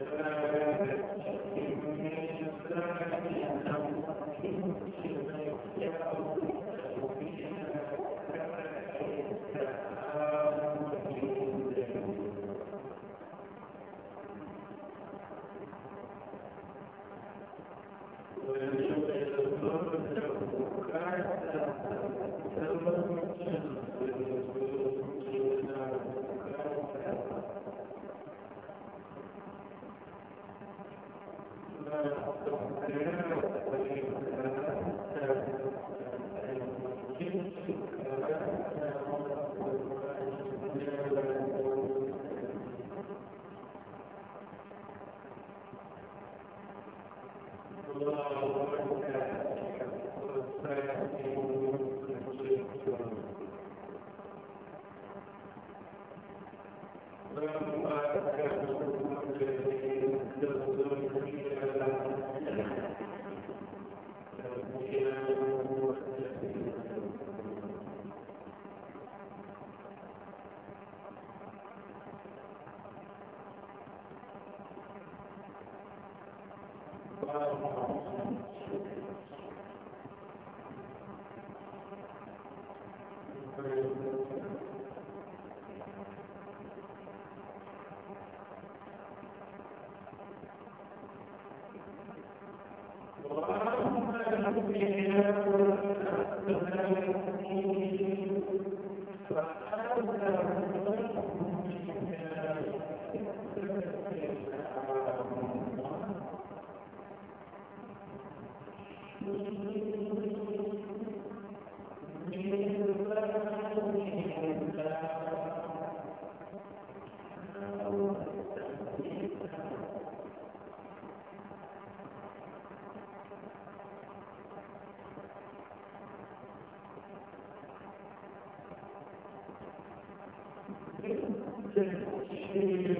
Amen. Thank you.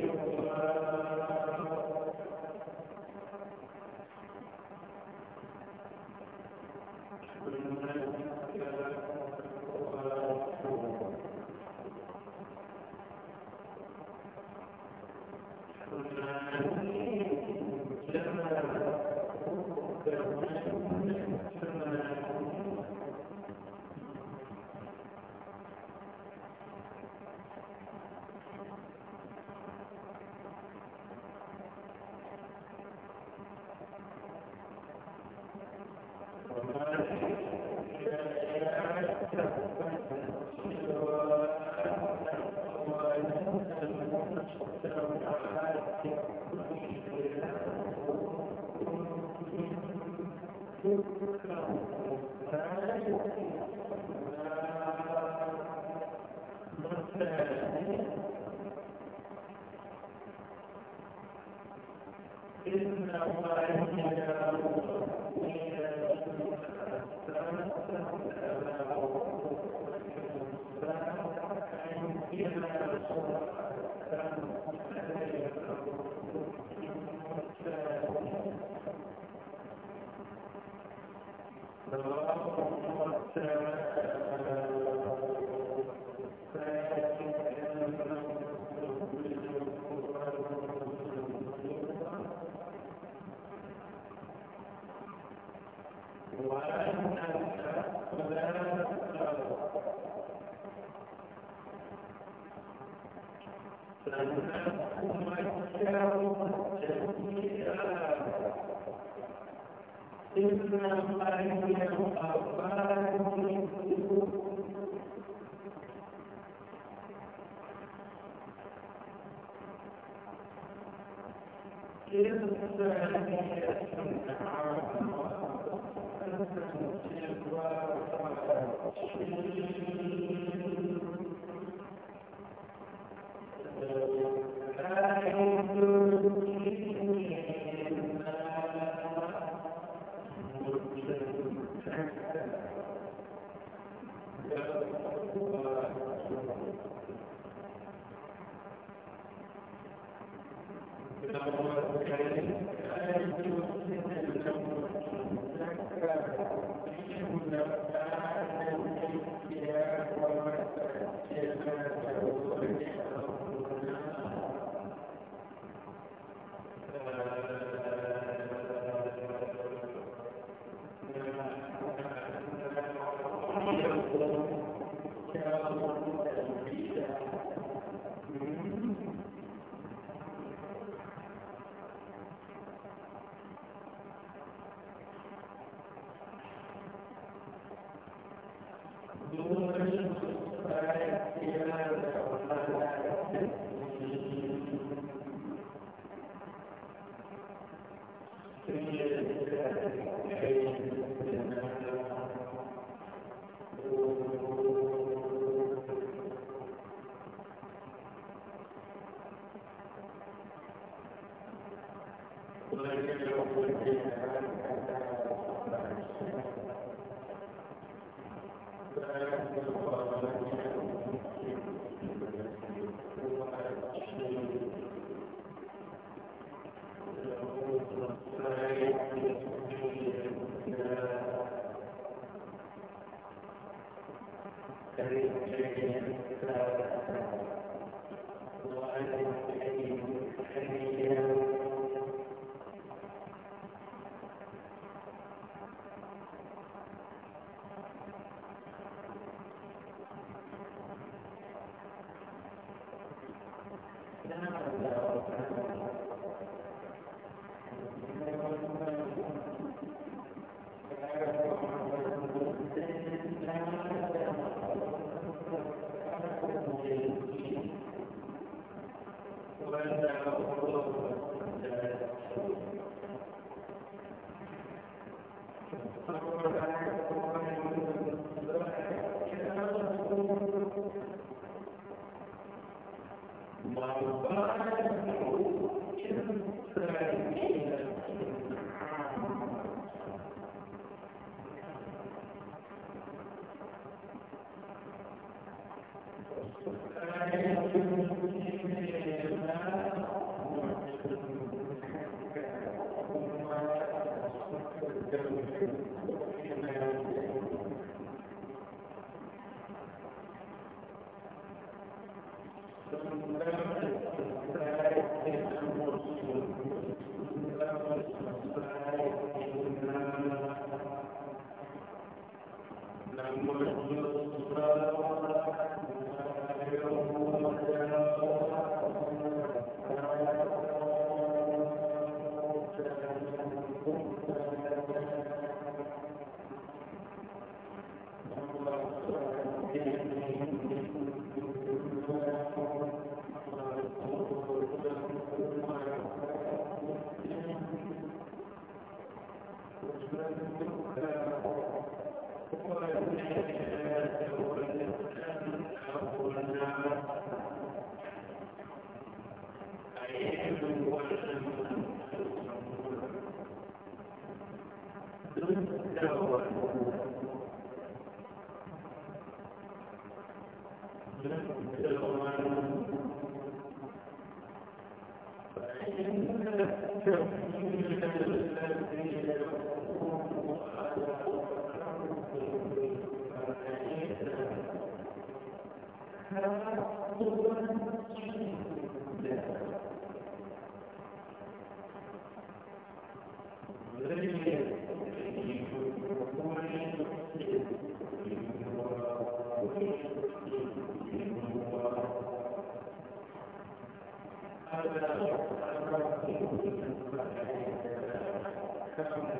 تشكر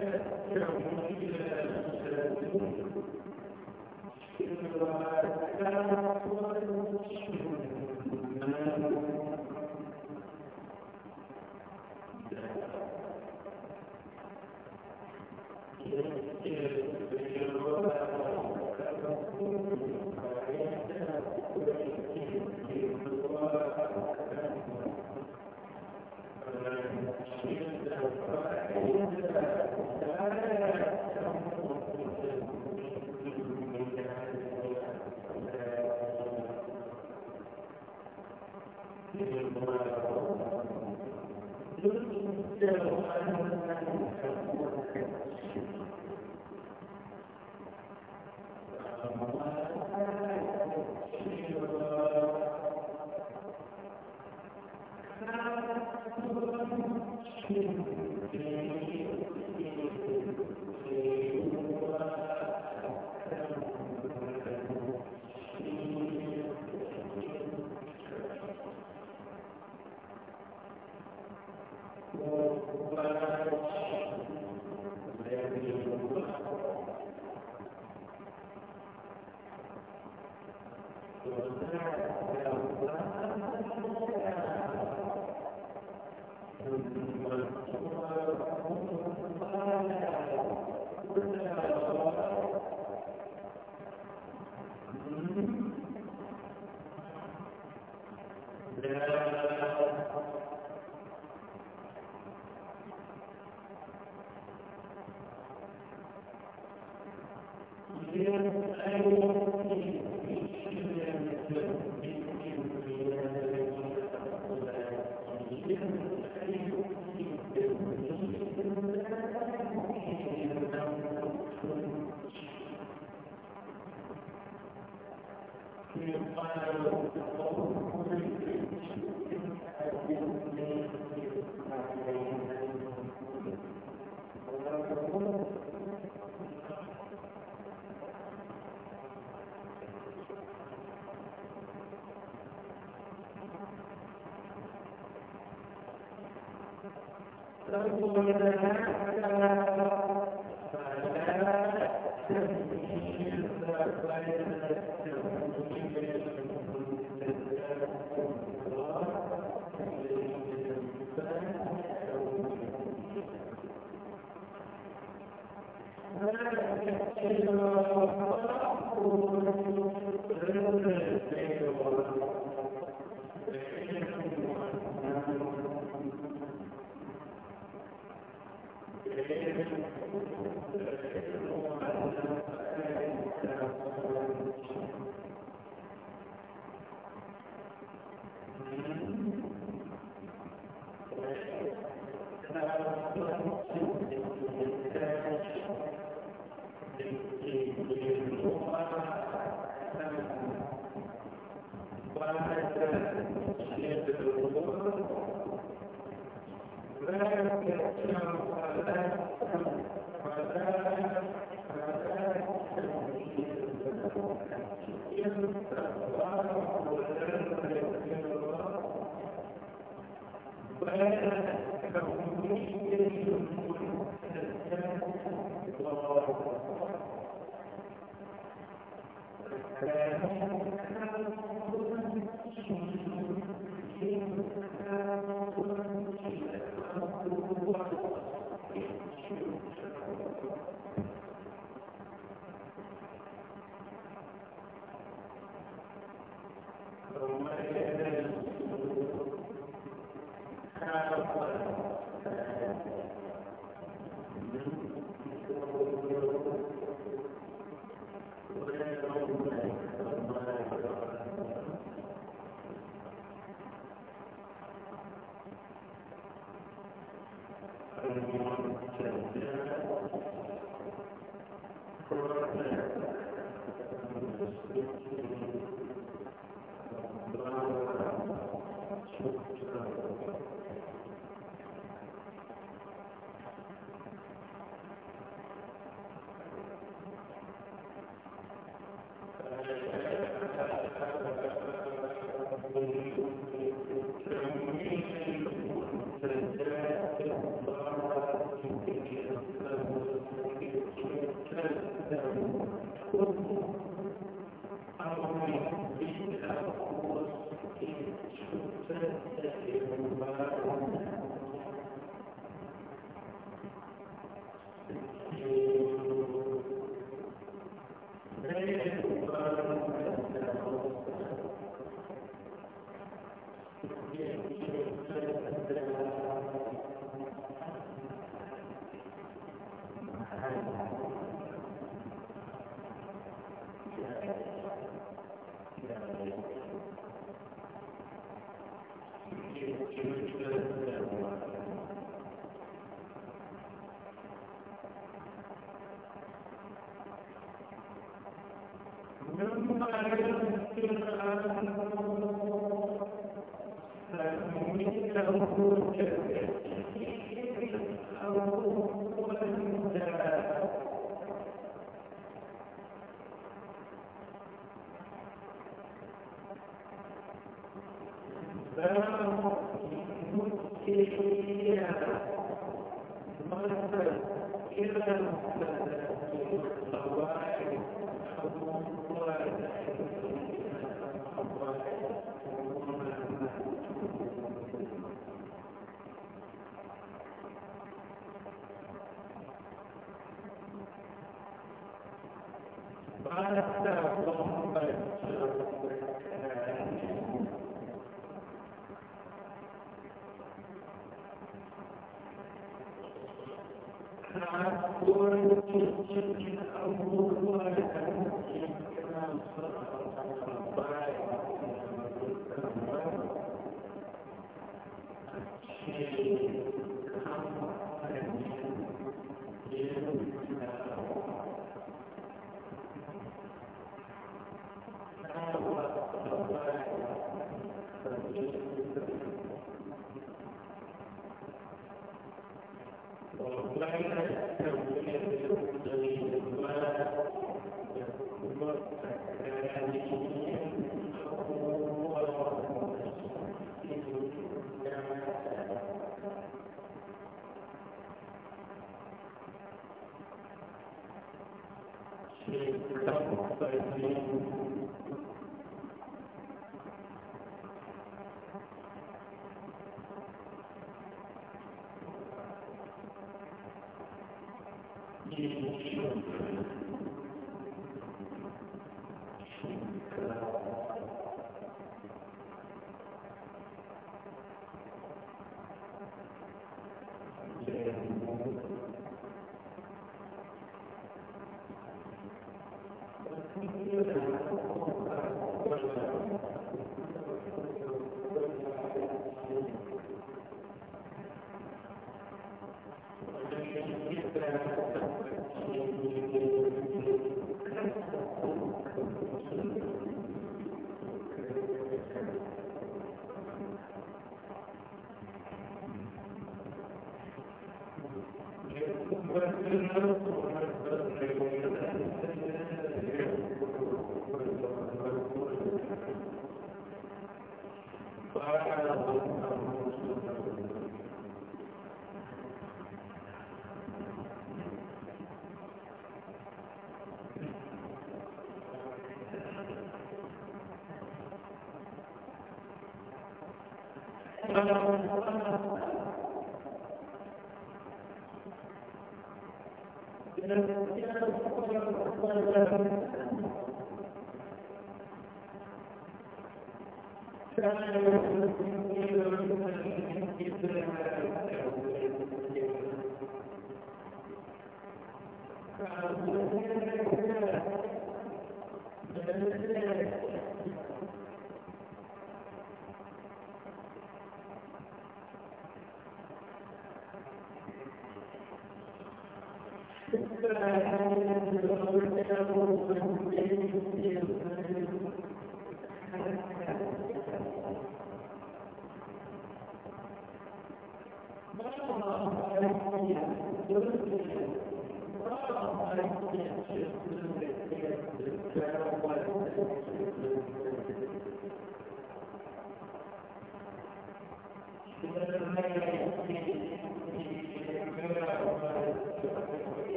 ìròyìn náà وسلم Gracias.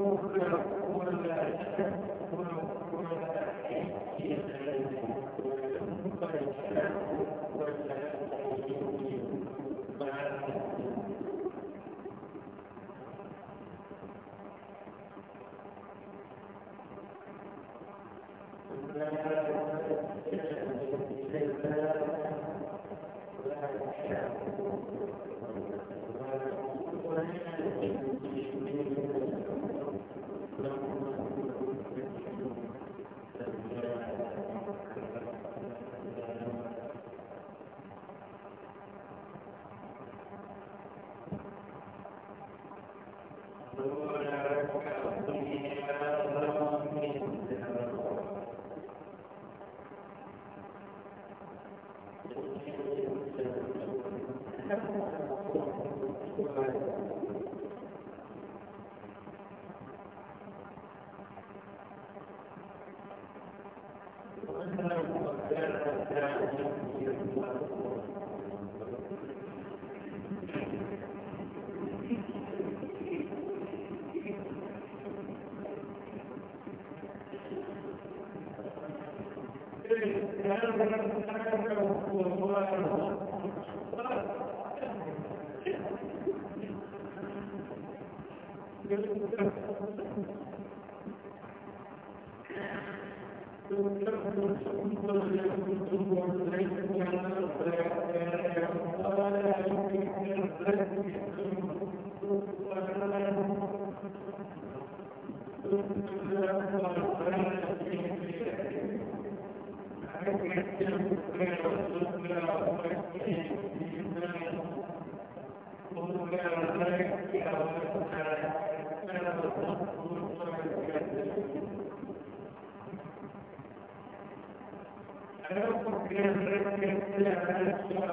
يقول لكم لا شك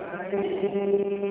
عليم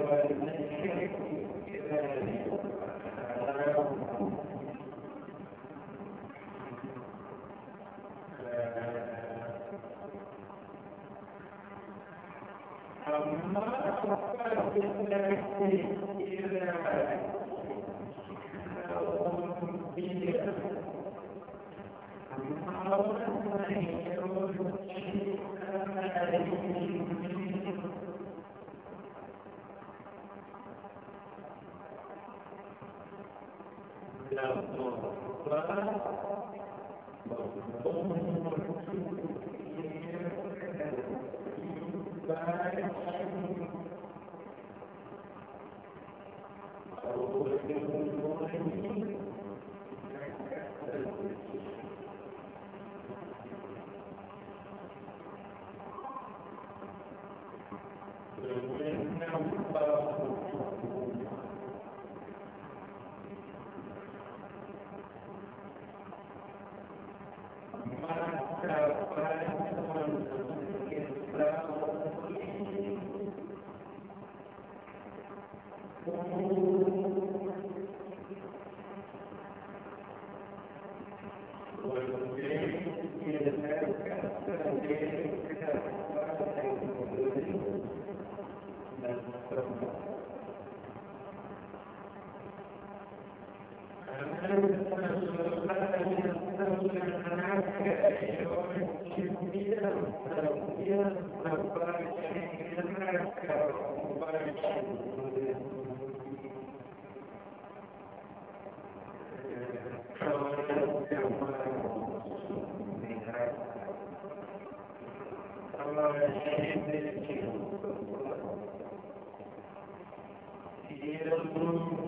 y el segundo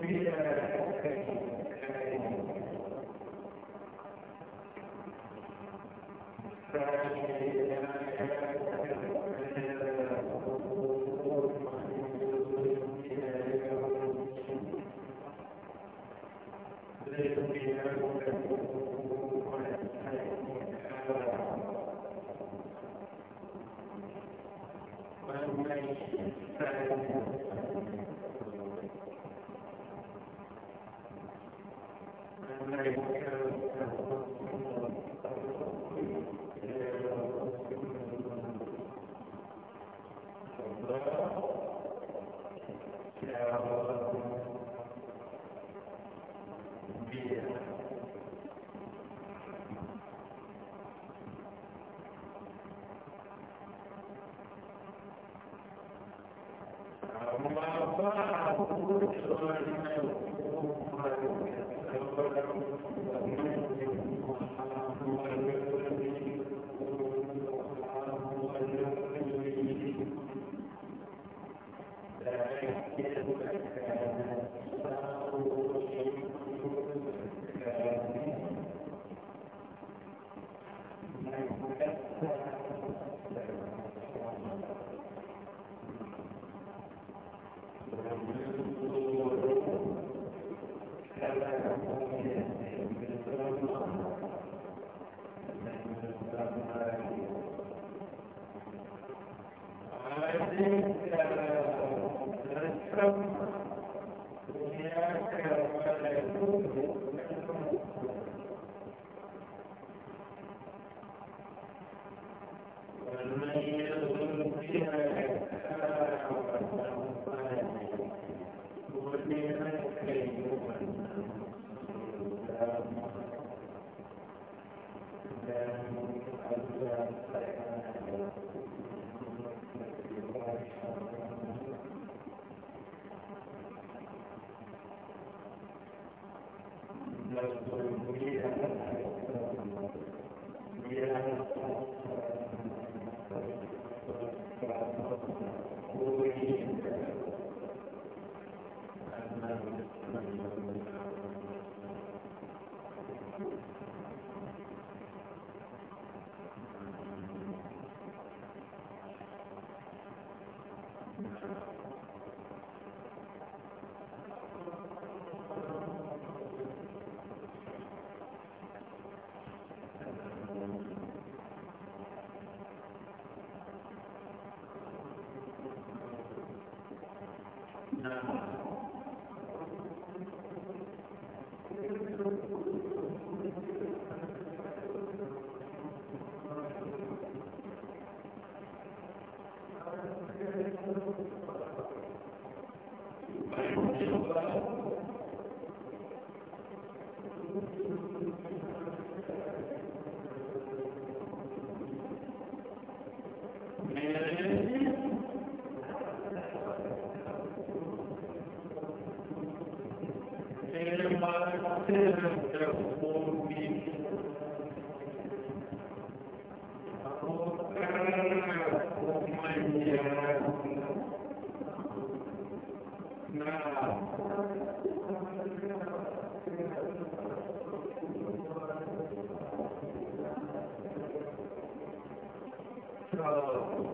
Yeah. So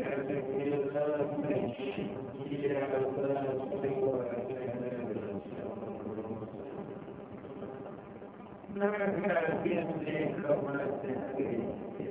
Thank you.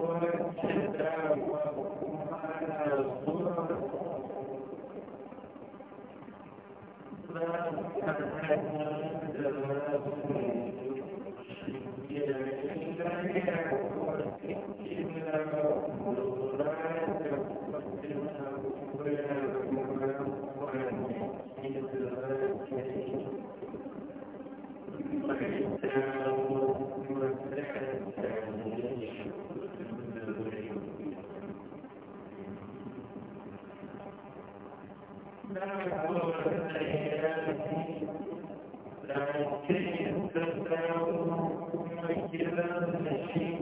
إذا الشيء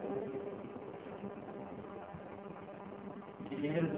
Thank you.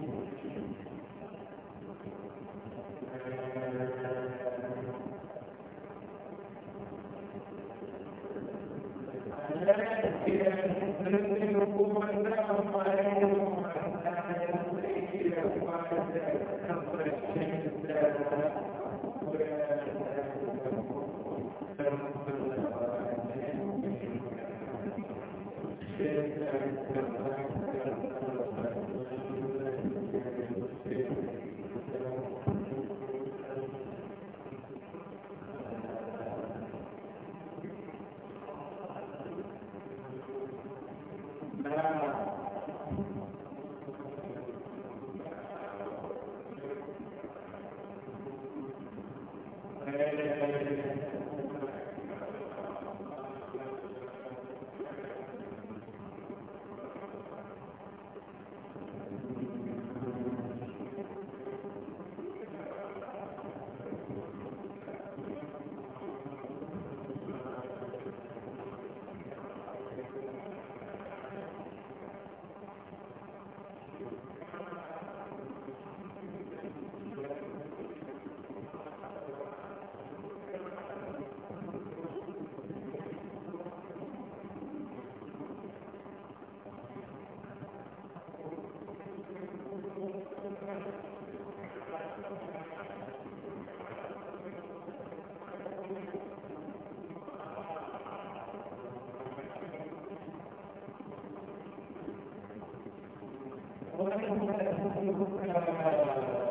¿Cuál es el número se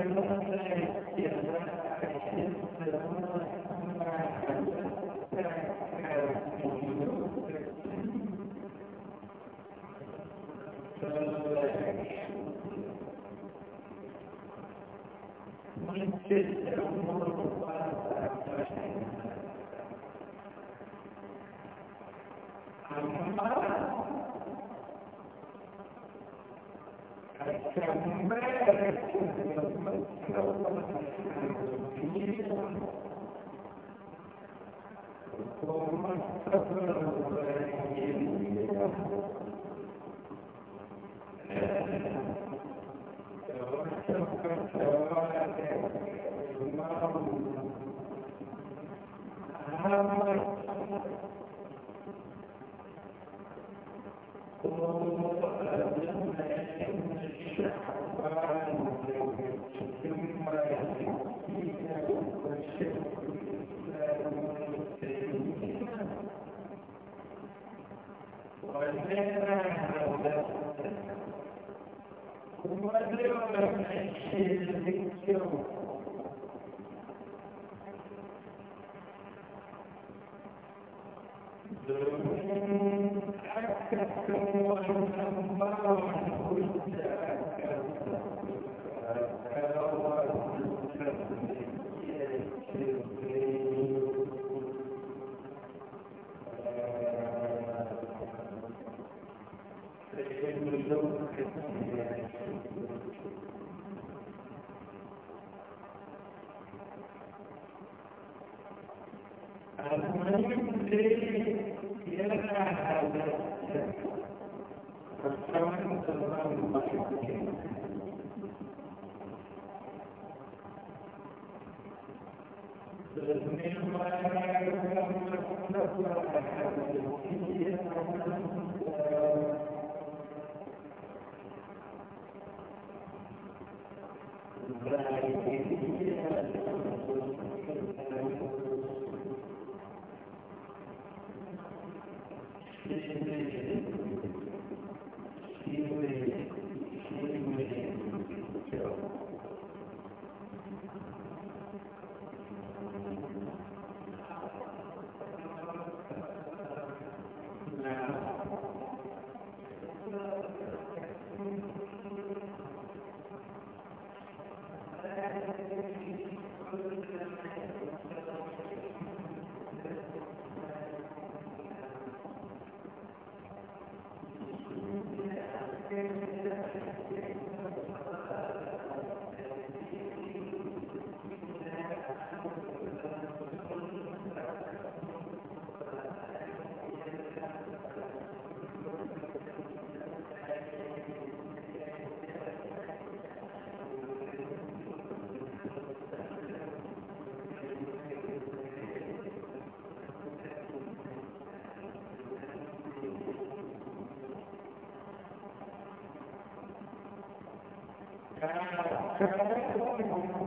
الله Thank you. Teala'ya